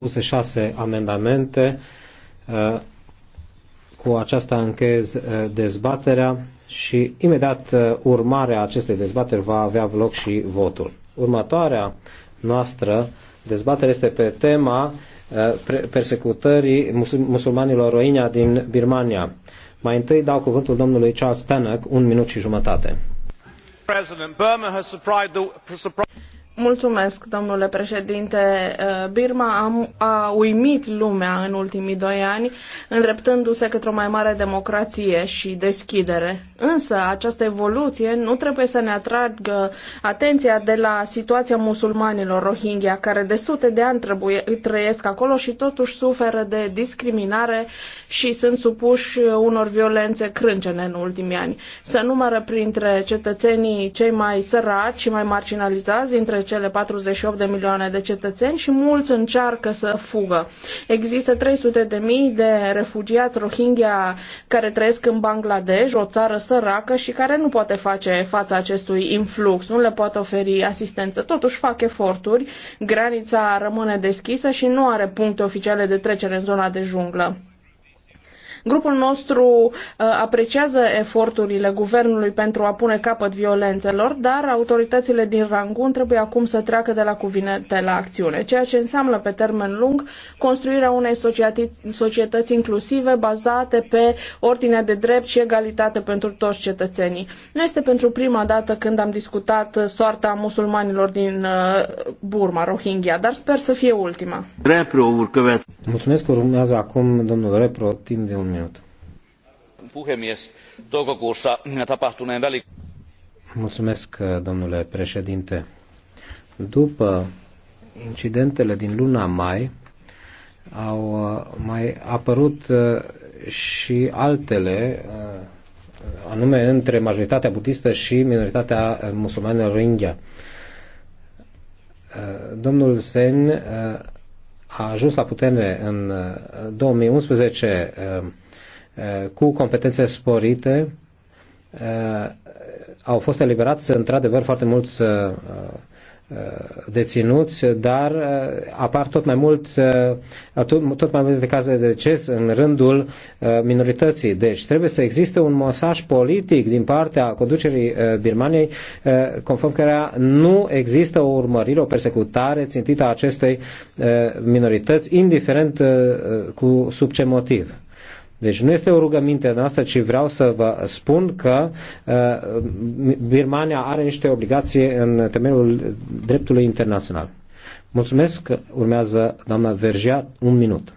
depuse șase amendamente. Uh, cu aceasta închez uh, dezbaterea și imediat uh, urmarea acestei dezbateri va avea loc și votul. Următoarea noastră dezbatere este pe tema persecutării musulmanilor roinia din Birmania. Mai întâi dau cuvântul domnului Charles Tannock, un minut și jumătate. Mulțumesc, domnule președinte. Uh, Birma a, a uimit lumea în ultimii doi ani, îndreptându-se către o mai mare democrație și deschidere. Însă, această evoluție nu trebuie să ne atragă atenția de la situația musulmanilor Rohingya, care de sute de ani trebuie, trăiesc acolo și totuși suferă de discriminare și sunt supuși unor violențe crâncene în ultimii ani. Se numără printre cetățenii cei mai săraci și mai marginalizați dintre cele 48 de milioane de cetățeni și mulți încearcă să fugă. Există 300 de mii de refugiați Rohingya care trăiesc în Bangladesh, o țară săracă și care nu poate face fața acestui influx, nu le poate oferi asistență. Totuși fac eforturi, granița rămâne deschisă și nu are puncte oficiale de trecere în zona de junglă. Grupul nostru uh, apreciază eforturile guvernului pentru a pune capăt violențelor, dar autoritățile din Rangun trebuie acum să treacă de la cuvinte la acțiune, ceea ce înseamnă pe termen lung construirea unei societăți inclusive bazate pe ordinea de drept și egalitate pentru toți cetățenii. Nu este pentru prima dată când am discutat uh, soarta musulmanilor din uh, Burma, Rohingya, dar sper să fie ultima. Mulțumesc, urmează acum domnul Repro, timp de un minut minut. Puhemies, toukokuussa tapahtuneen väli... Mulțumesc, domnule președinte. După incidentele din luna mai, au uh, mai apărut uh, și altele, uh, anume între majoritatea budistă și minoritatea musulmană Rohingya. Domnul Sen a ajuns la putere în 2011 Eh, cu competențe sporite eh, au fost eliberați într-adevăr foarte mulți eh, deținuți, dar apar tot mai mult tot mai multe cazuri de deces în rândul minorității. Deci trebuie să existe un mesaj politic din partea conducerii Birmaniei conform cărea nu există o urmărire, o persecutare țintită a acestei minorități, indiferent cu sub ce motiv. Deci nu este o rugăminte noastră, ci vreau să vă spun că uh, Birmania are niște obligații în temeiul dreptului internațional. Mulțumesc. Urmează doamna Vergea, un minut.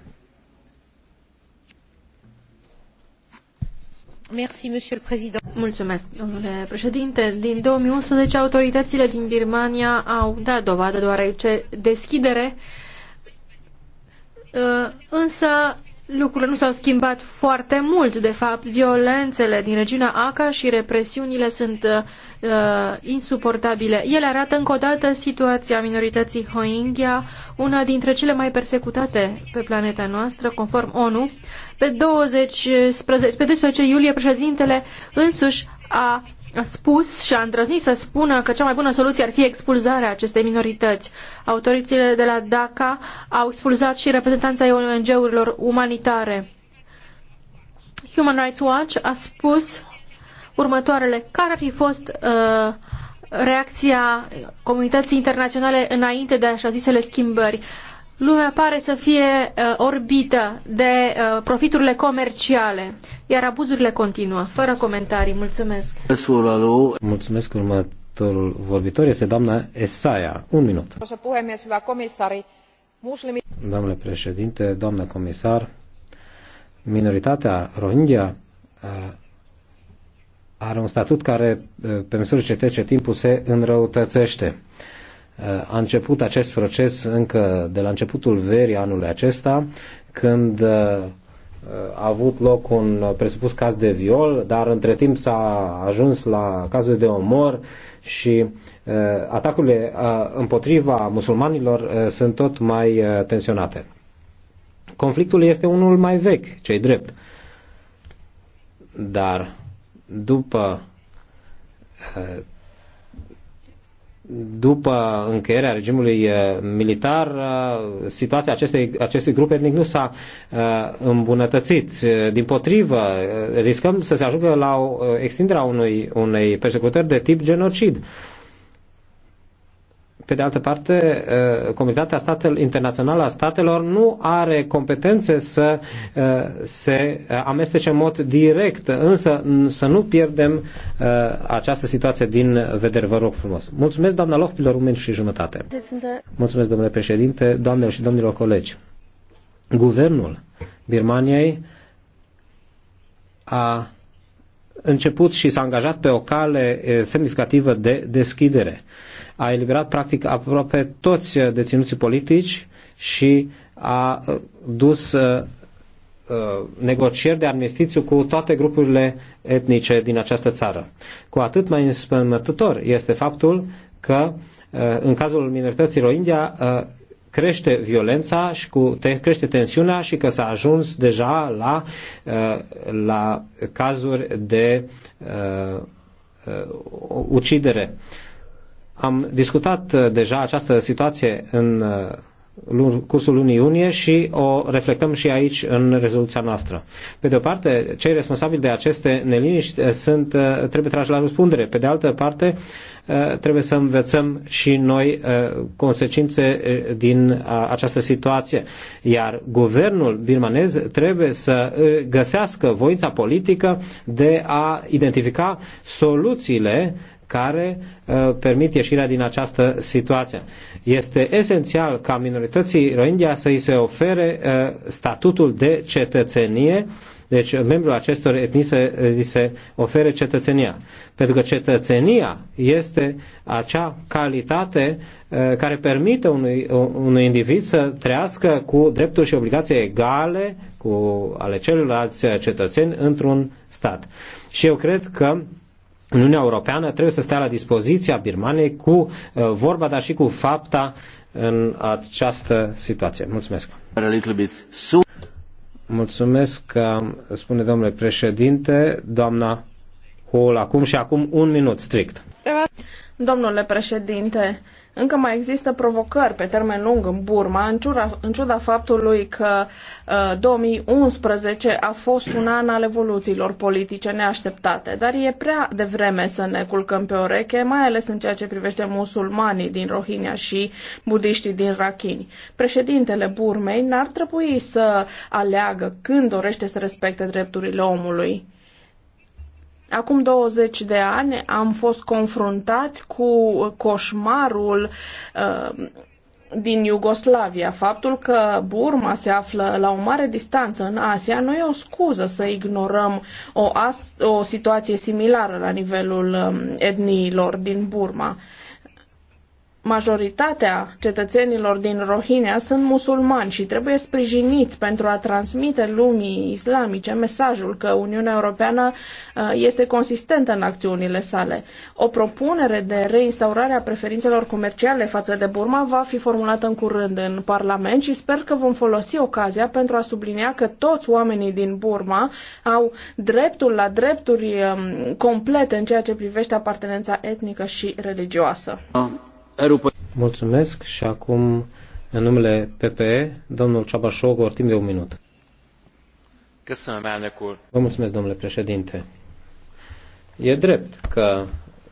Mulțumesc, domnule președinte. Din 2011, autoritățile din Birmania au dat dovadă deoarece deschidere, uh, însă lucrurile nu s-au schimbat foarte mult. De fapt, violențele din regiunea ACA și represiunile sunt uh, uh, insuportabile. Ele arată încă o dată situația minorității Rohingya, una dintre cele mai persecutate pe planeta noastră, conform ONU. Pe, 20, pe 12 iulie, președintele însuși a a spus și a îndrăznit să spună că cea mai bună soluție ar fi expulzarea acestei minorități. Autoritățile de la Dhaka au expulzat și reprezentanța ONG-urilor umanitare. Human Rights Watch a spus următoarele. Care ar fi fost uh, reacția comunității internaționale înainte de așa zisele schimbări? Lumea pare să fie uh, orbită de uh, profiturile comerciale, iar abuzurile continuă. Fără comentarii. Mulțumesc. Mulțumesc următorul vorbitor este doamna Esaia. Un minut. Domnule președinte, doamnă comisar, minoritatea Rohingya uh, are un statut care, pe măsură ce trece timpul, se înrăutățește a început acest proces încă de la începutul verii anului acesta, când uh, a avut loc un presupus caz de viol, dar între timp s-a ajuns la cazul de omor și uh, atacurile uh, împotriva musulmanilor sunt tot mai tensionate. Conflictul este unul mai vechi, cei drept. Dar după după încheierea regimului eh, militar, eh, situația acestei, acestui grup etnic nu s-a eh, îmbunătățit. Din potrivă, riscăm să se ajungă la extinderea unui, unei persecutări de tip genocid. Pe de altă parte, eh, comunitatea statelor, internațională a statelor nu are competențe să eh, se amestece în mod direct, însă să nu pierdem eh, această situație din vedere. Vă rog frumos. Mulțumesc, doamna Lochpilor, un și jumătate. Mulțumesc, domnule președinte, doamnelor și domnilor colegi. Guvernul Birmaniei a început și s-a angajat pe o cale semnificativă de deschidere a eliberat practic aproape toți uh, deținuții politici și a uh, dus uh, negocieri de armistițiu cu toate grupurile etnice din această țară. Cu atât mai înspăimătător este faptul că în cazul minorității Rohingya crește violența și cu, te, crește tensiunea și că s-a ajuns deja la, la cazuri de uh, ucidere. Uh, am discutat uh, deja această situație în uh, cursul lunii iunie și o reflectăm și aici în rezoluția noastră. Pe de o parte, cei responsabili de aceste neliniști uh, sunt, trebuie trași la răspundere. Pe de altă parte, trebuie să învățăm și noi consecințe din această situație. Iar guvernul birmanez trebuie să găsească voința politică de a identifica soluțiile care uh, permit ieșirea din această situație. Este esențial ca minorității Rohingya să îi se ofere uh, statutul de cetățenie deci membrul acestor etnii se, îi se ofere cetățenia. Pentru că cetățenia este acea calitate uh, care permite unui, unui individ să trăiască cu drepturi și obligații egale cu ale celorlalți cetățeni într-un stat. Și eu cred că Uniunea Europeană trebuie să stea la dispoziția Birmanei cu uh, vorba, dar și cu fapta în această situație. Mulțumesc! Mulțumesc, uh, spune domnule președinte, doamna Hall, acum și acum un minut strict. Domnule președinte, încă mai există provocări pe termen lung în Burma, în ciuda, în ciuda faptului că ă, uh, 2011 a fost un an al evoluțiilor politice neașteptate, dar e prea devreme să ne culcăm pe oreche, mai ales în ceea ce privește musulmanii din Rohingya și budiștii din Rakhine. Președintele Burmei n-ar trebui să aleagă când dorește să respecte drepturile omului Acum 20 de ani am fost confruntați cu coșmarul uh, din Iugoslavia. Faptul că Burma se află la o mare distanță în Asia nu e o scuză să ignorăm o, o situație similară la nivelul um, etniilor din Burma majoritatea cetățenilor din Rohingya sunt musulmani și trebuie sprijiniți pentru a transmite lumii islamice mesajul că Uniunea Europeană uh, este consistentă în acțiunile sale. O propunere de reinstaurare a preferințelor comerciale față de Burma va fi formulată în curând în Parlament și sper că vom folosi ocazia pentru a sublinia că toți oamenii din Burma au dreptul la drepturi um, complete în ceea ce privește apartenența etnică și religioasă. Uh, Mulțumesc și acum, în numele PPE, domnul Ceabașogor, timp de un minut. Vă mulțumesc, domnule președinte. E drept că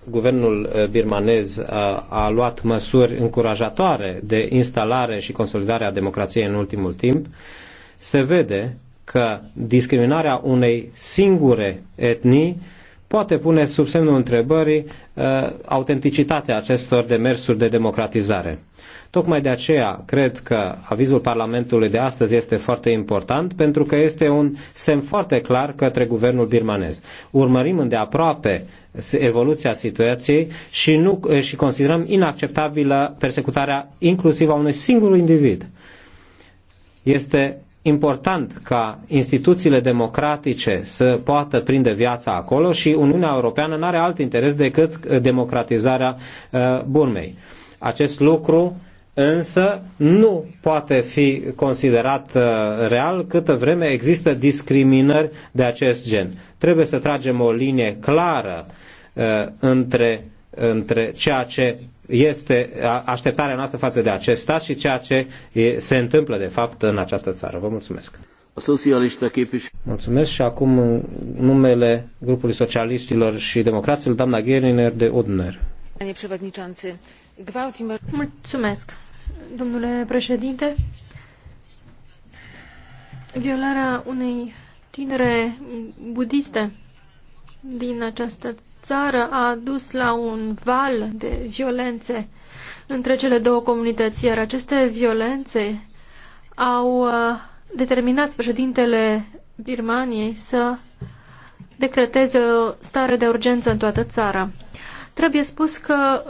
guvernul eh, birmanez a, a luat măsuri încurajatoare de instalare și consolidare a democrației în ultimul timp, se vede că discriminarea unei singure etnii poate pune sub semnul întrebării uh, autenticitatea acestor demersuri de democratizare. Tocmai de aceea cred că avizul Parlamentului de astăzi este foarte important pentru că este un semn foarte clar către guvernul birmanez. Urmărim îndeaproape evoluția situației și, nu, eh, și considerăm inacceptabilă persecutarea inclusiv a unui singur individ. Este important ca instituțiile democratice să poată prinde viața acolo și Uniunea Europeană nu are alt interes decât uh, democratizarea uh, Burmei. Acest lucru însă nu poate fi considerat uh, real câtă vreme există discriminări de acest gen. Trebuie să tragem o linie clară între între ceea ce este așteptarea noastră față de acest stat și ceea ce se întâmplă de fapt în această țară. Vă mulțumesc. Mulțumesc și acum numele grupului socialiștilor și democraților, doamna Gheriner de Udner. Mulțumesc, domnule președinte. Violarea unei tinere budiste din această țară a dus la un val de violențe între cele două comunități, iar aceste violențe au uh, determinat președintele Birmaniei să decreteze o stare de urgență în toată țara. Trebuie spus că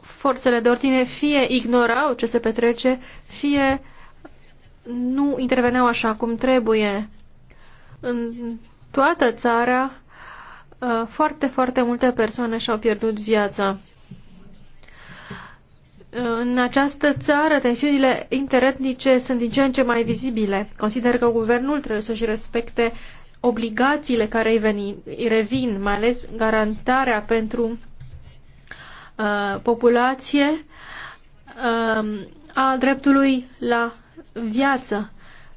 forțele de ordine fie ignorau ce se petrece, fie nu interveneau așa cum trebuie. În toată țara Uh, foarte, foarte multe persoane și-au pierdut viața. Uh, în această țară, tensiunile interetnice sunt din ce în ce mai vizibile. Consider că guvernul trebuie să-și respecte obligațiile care îi, veni, îi revin, mai ales garantarea pentru uh, populație uh, a dreptului la viață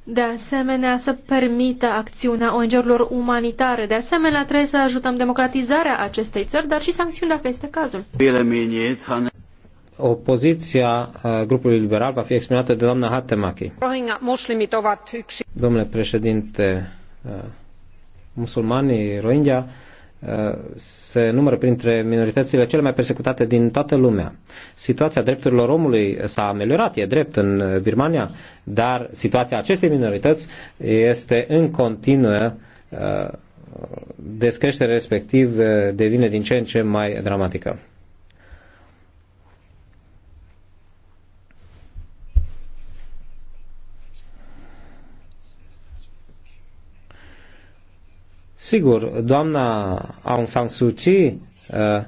de asemenea să permită acțiunea ONG-urilor umanitare. De asemenea, trebuie să ajutăm democratizarea acestei țări, dar și sancțiuni dacă este cazul. Opoziția uh, grupului liberal va fi exprimată de doamna Hatemaki. Domnule președinte, uh, musulmanii Rohingya se numără printre minoritățile cele mai persecutate din toată lumea. Situația drepturilor omului s-a ameliorat, e drept, în Birmania, dar situația acestei minorități este în continuă uh, descreștere, respectiv uh, devine din ce în ce mai dramatică. Sigur, doamna Aung San Suu Kyi uh,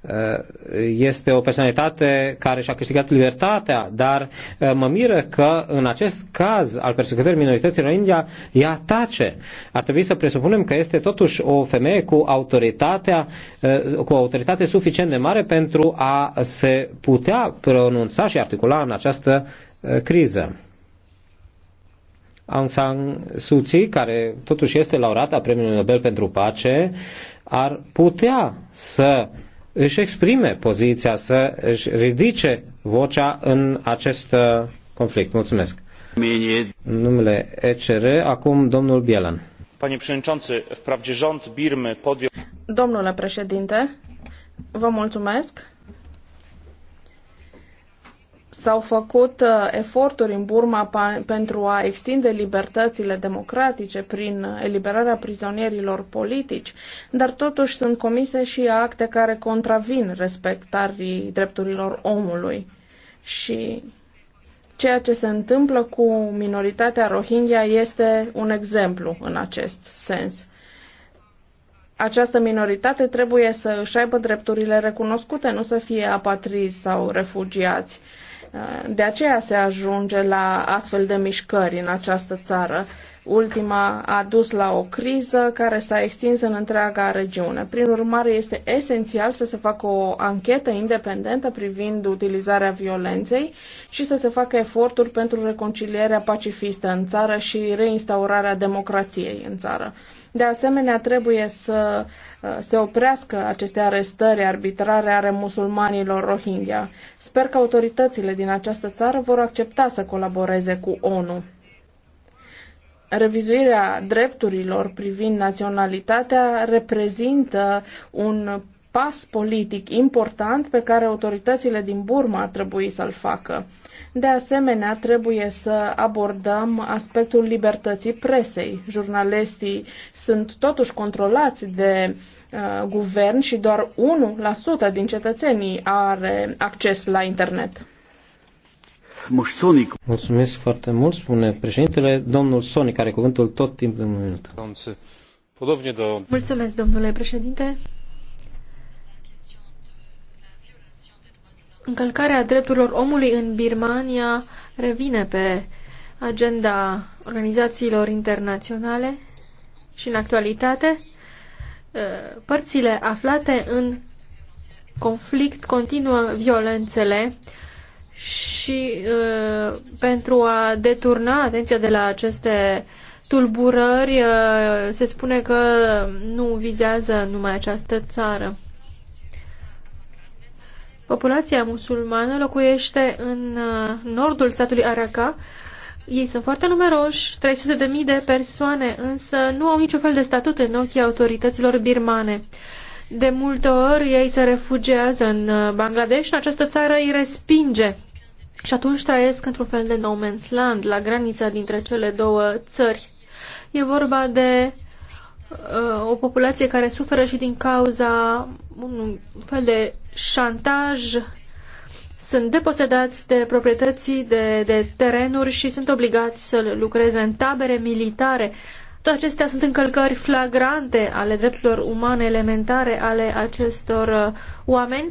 uh, este o personalitate care și-a câștigat libertatea, dar uh, mă miră că în acest caz al persecutării minorităților în India, ea tace. Ar trebui să presupunem că este totuși o femeie cu, autoritatea, cu o autoritate suficient de mare pentru a se putea pronunța și articula în această criză. Aung San Suu Kyi, care totuși este a Premiului Nobel pentru Pace, ar putea să își exprime poziția, să își ridice vocea în acest uh, conflict. Mulțumesc. Numele ECR, acum domnul Bielan. Panie președinte, wprawdzie rząd Birmy podjął... Domnule președinte, vă mulțumesc. S-au făcut uh, eforturi în Burma pentru a extinde libertățile democratice prin eliberarea prizonierilor politici, dar totuși sunt comise și acte care contravin respectarii drepturilor omului. Și ceea ce se întâmplă cu minoritatea Rohingya este un exemplu în acest sens această minoritate trebuie să își aibă drepturile recunoscute, nu să fie apatrizi sau refugiați. De aceea se ajunge la astfel de mișcări în această țară. Ultima a dus la o criză care s-a extins în întreaga regiune. Prin urmare, este esențial să se facă o anchetă independentă privind utilizarea violenței și să se facă eforturi pentru reconcilierea pacifistă în țară și reinstaurarea democrației în țară. De asemenea, trebuie să uh, se oprească aceste arestări arbitrare ale musulmanilor Rohingya. Sper că autoritățile din această țară vor accepta să colaboreze cu ONU revizuirea drepturilor privind naționalitatea reprezintă un pas politic important pe care autoritățile din Burma ar trebui să-l facă. De asemenea, trebuie să abordăm aspectul libertății presei. Jurnalistii sunt totuși controlați de uh, guvern și doar 1% din cetățenii are acces la internet. Mulțumesc foarte mult, spune președintele. Domnul Sonic are cuvântul tot timpul în minut. Mulțumesc, domnule președinte. Încălcarea drepturilor omului în Birmania revine pe agenda organizațiilor internaționale și în actualitate ă, părțile aflate în conflict continuă violențele și uh, pentru a deturna atenția de la aceste tulburări, uh, se spune că nu vizează numai această țară. Populația musulmană locuiește în uh, nordul statului Araka. Ei sunt foarte numeroși, 300.000 de persoane, însă nu au niciun fel de statut în ochii autorităților birmane. De multe ori ei se refugiază în Bangladesh, în această țară îi respinge și atunci trăiesc într-un fel de no man's land, la granița dintre cele două țări. E vorba de uh, o populație care suferă și din cauza un fel de șantaj. Sunt deposedați de proprietății, de, de terenuri și sunt obligați să lucreze în tabere militare. Toate acestea sunt încălcări flagrante ale drepturilor umane elementare ale acestor uh, oameni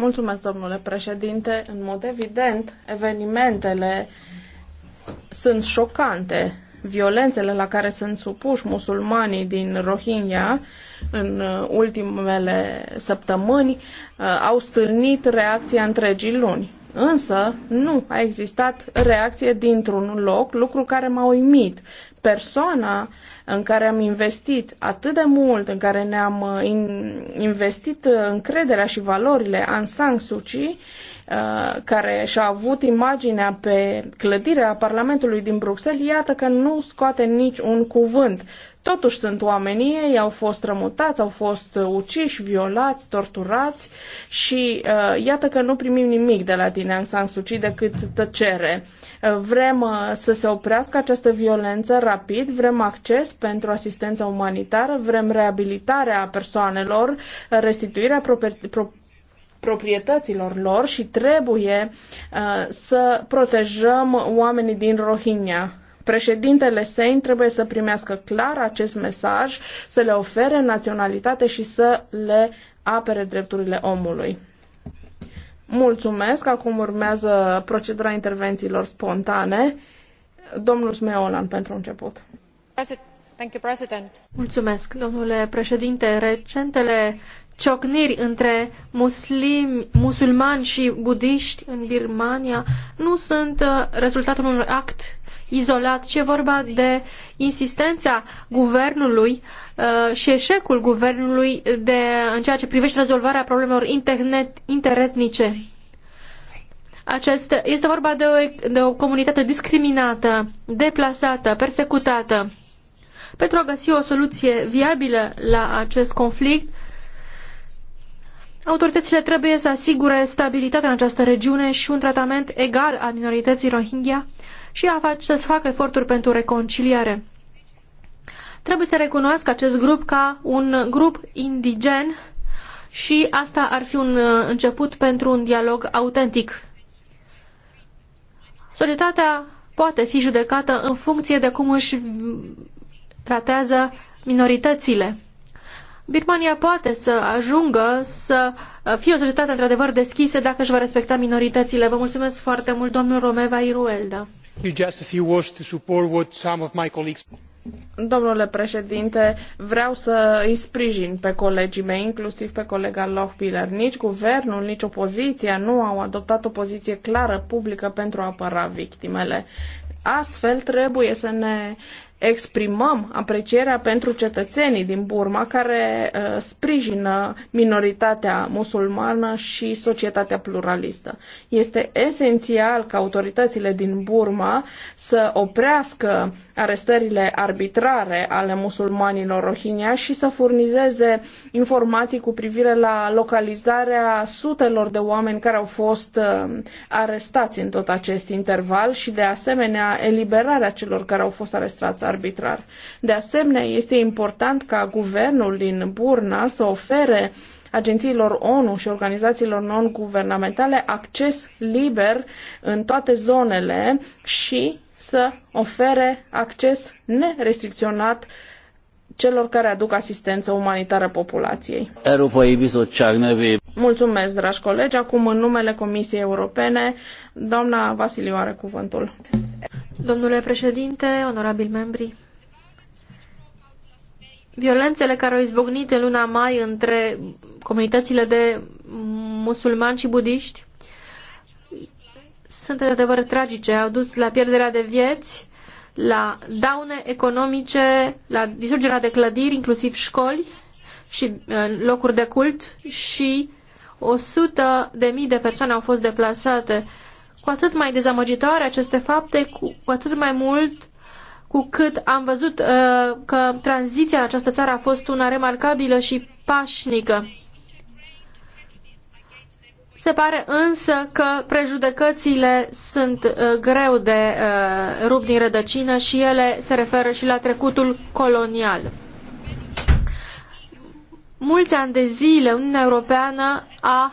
Mulțumesc, domnule președinte. În mod evident, evenimentele sunt șocante. Violențele la care sunt supuși musulmanii din Rohingya în uh, ultimele săptămâni uh, au stâlnit reacția întregii luni. Însă nu a existat reacție dintr-un loc, lucru care m-a uimit. Persoana în care am investit atât de mult, în care ne-am uh, investit uh, încrederea și valorile Aung San Suu Kyi, uh, care și-a avut imaginea pe clădirea Parlamentului din Bruxelles, iată că nu scoate nici un cuvânt Totuși sunt oamenii ei, au fost rămutați, au fost uciși, violați, torturați și uh, iată că nu primim nimic de la tine, Aung San Suu Kyi, decât tăcere. Uh, vrem uh, să se oprească această violență rapid, vrem acces pentru asistența umanitară, vrem reabilitarea persoanelor, restituirea proprietății proprietăților lor și trebuie uh, să protejăm oamenii din Rohingya. Președintele Sein trebuie să primească clar acest mesaj, să le ofere naționalitate și să le apere drepturile omului. Mulțumesc. Acum urmează procedura intervențiilor spontane. Domnul Smeolan, pentru început. Mulțumesc, domnule președinte. Recentele ciocniri între muslimi, musulmani și budiști în Birmania nu sunt uh, rezultatul unui act izolat, ci e vorba de insistența guvernului uh, și eșecul guvernului de, în ceea ce privește rezolvarea problemelor internet, interetnice. Acest, este vorba de o, de o comunitate discriminată, deplasată, persecutată. Pentru a găsi o soluție viabilă la acest conflict, Autoritățile trebuie să asigure stabilitatea în această regiune și un tratament egal al minorității Rohingya și a să-ți facă eforturi pentru reconciliare. Trebuie să recunoască acest grup ca un grup indigen și asta ar fi un uh, început pentru un dialog autentic. Societatea poate fi judecată în funcție de cum își tratează minoritățile. Birmania poate să ajungă să uh, fie o societate într-adevăr deschisă dacă își va respecta minoritățile. Vă mulțumesc foarte mult, domnul Romeva Iruelda. Domnule președinte, vreau să îi sprijin pe colegii mei, inclusiv pe colega Lochbiller. Nici guvernul, nici opoziția nu au adoptat o poziție clară publică pentru a apăra victimele. Astfel, trebuie să ne exprimăm aprecierea pentru cetățenii din Burma care uh, sprijină minoritatea musulmană și societatea pluralistă. Este esențial ca autoritățile din Burma să oprească arestările arbitrare ale musulmanilor Rohingya și să furnizeze informații cu privire la localizarea sutelor de oameni care au fost uh, arestați în tot acest interval și de asemenea eliberarea celor care au fost arestați arbitrar. De asemenea, este important ca guvernul din Burna să ofere agențiilor ONU și organizațiilor non-guvernamentale acces liber în toate zonele și să ofere acces nerestricționat celor care aduc asistență umanitară populației. Mulțumesc, dragi colegi. Acum, în numele Comisiei Europene, doamna Vasiliu are cuvântul. Domnule președinte, onorabili membri, violențele care au izbucnit în luna mai între comunitățile de musulmani și budiști sunt într-adevăr tragice, au dus la pierderea de vieți, la daune economice, la distrugerea de clădiri, inclusiv școli și uh, locuri de cult și 100 de mii de persoane au fost deplasate. Cu atât mai dezamăgitoare aceste fapte, cu, atât mai mult cu cât am văzut uh, că tranziția în această țară a fost una remarcabilă și pașnică. Se pare însă că prejudecățile sunt uh, greu de uh, rupt din rădăcină și ele se referă și la trecutul colonial. Mulți ani de zile Uniunea Europeană a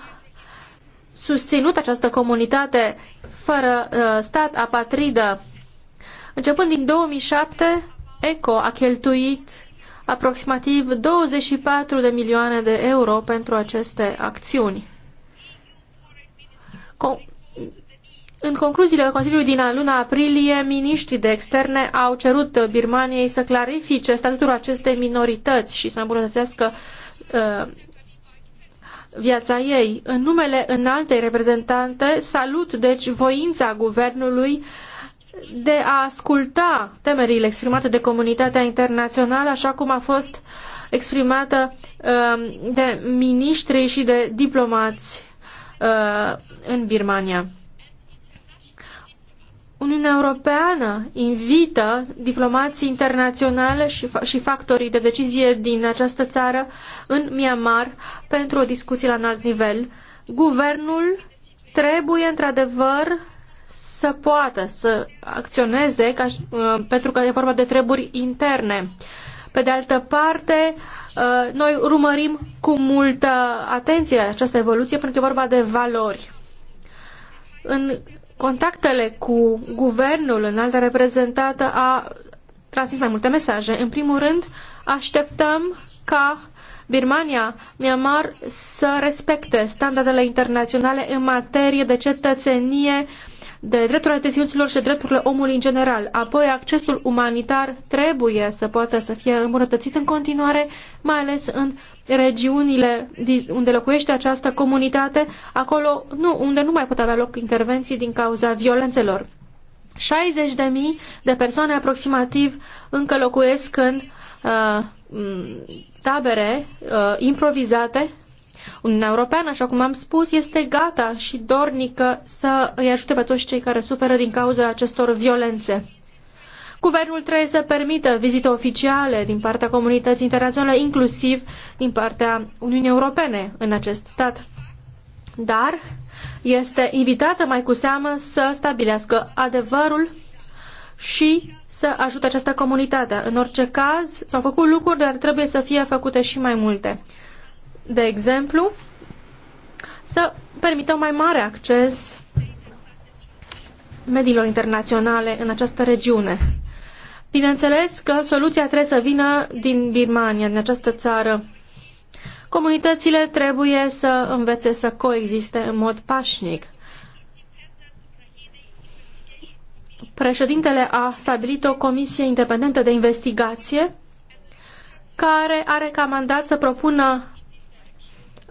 susținut această comunitate fără uh, stat apatridă. Începând din 2007, ECO a cheltuit aproximativ 24 de milioane de euro pentru aceste acțiuni. Con în concluziile Consiliului din luna aprilie, miniștrii de externe au cerut Birmaniei să clarifice statutul acestei minorități și să îmbunătățească uh, viața ei. În numele înaltei reprezentante, salut deci voința guvernului de a asculta temerile exprimate de comunitatea internațională, așa cum a fost exprimată uh, de miniștri și de diplomați uh, în Birmania. Uniunea Europeană invită diplomații internaționale și, și factorii de decizie din această țară în Myanmar pentru o discuție la înalt nivel. Guvernul trebuie într-adevăr să poată să acționeze ca, uh, pentru că e vorba de treburi interne. Pe de altă parte, uh, noi urmărim cu multă atenție această evoluție pentru că e vorba de valori în contactele cu guvernul înalt reprezentată a transmis mai multe mesaje. În primul rând, așteptăm ca Birmania, Myanmar să respecte standardele internaționale în materie de cetățenie, de drepturile deținuților și drepturile omului în general. Apoi, accesul umanitar trebuie să poată să fie îmbunătățit în continuare, mai ales în regiunile unde locuiește această comunitate, acolo nu, unde nu mai pot avea loc intervenții din cauza violențelor. 60.000 de persoane aproximativ încă locuiesc în uh, tabere uh, improvizate. Uniunea Europeană, așa cum am spus, este gata și dornică să îi ajute pe toți cei care suferă din cauza acestor violențe. Guvernul trebuie să permită vizite oficiale din partea comunității internaționale, inclusiv din partea Uniunii Europene în acest stat. Dar este invitată mai cu seamă să stabilească adevărul și să ajute această comunitate. În orice caz, s-au făcut lucruri, dar trebuie să fie făcute și mai multe. De exemplu, să permită mai mare acces mediilor internaționale în această regiune. Bineînțeles că soluția trebuie să vină din Birmania, din această țară. Comunitățile trebuie să învețe să coexiste în mod pașnic. Președintele a stabilit o comisie independentă de investigație care are ca mandat să propună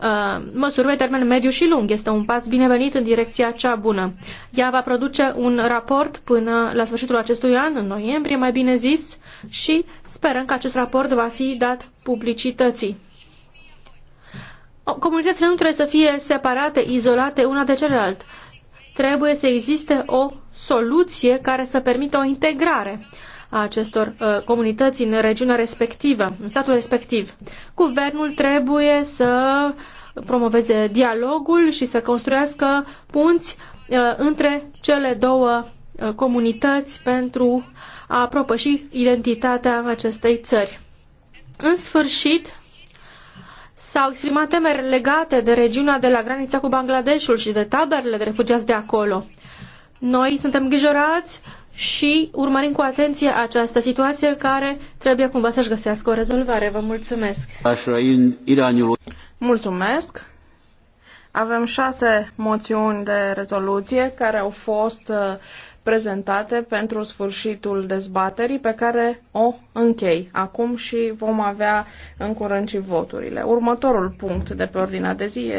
Uh, măsuri pe termen mediu și lung. Este un pas binevenit în direcția cea bună. Ea va produce un raport până la sfârșitul acestui an, în noiembrie mai bine zis, și sperăm că acest raport va fi dat publicității. Comunitățile nu trebuie să fie separate, izolate una de celălalt. Trebuie să existe o soluție care să permită o integrare a acestor uh, comunități în regiunea respectivă, în statul respectiv. Guvernul trebuie să promoveze dialogul și să construiască punți uh, între cele două uh, comunități pentru a propăși identitatea acestei țări. În sfârșit, S-au exprimat temeri legate de regiunea de la granița cu Bangladeshul și de taberele de refugiați de acolo. Noi suntem îngrijorați și urmărim cu atenție această situație care trebuie cumva să-și găsească o rezolvare. Vă mulțumesc! Mulțumesc! Avem șase moțiuni de rezoluție care au fost uh, prezentate pentru sfârșitul dezbaterii pe care o închei acum și vom avea în curând și voturile. Următorul punct de pe ordinea de zi este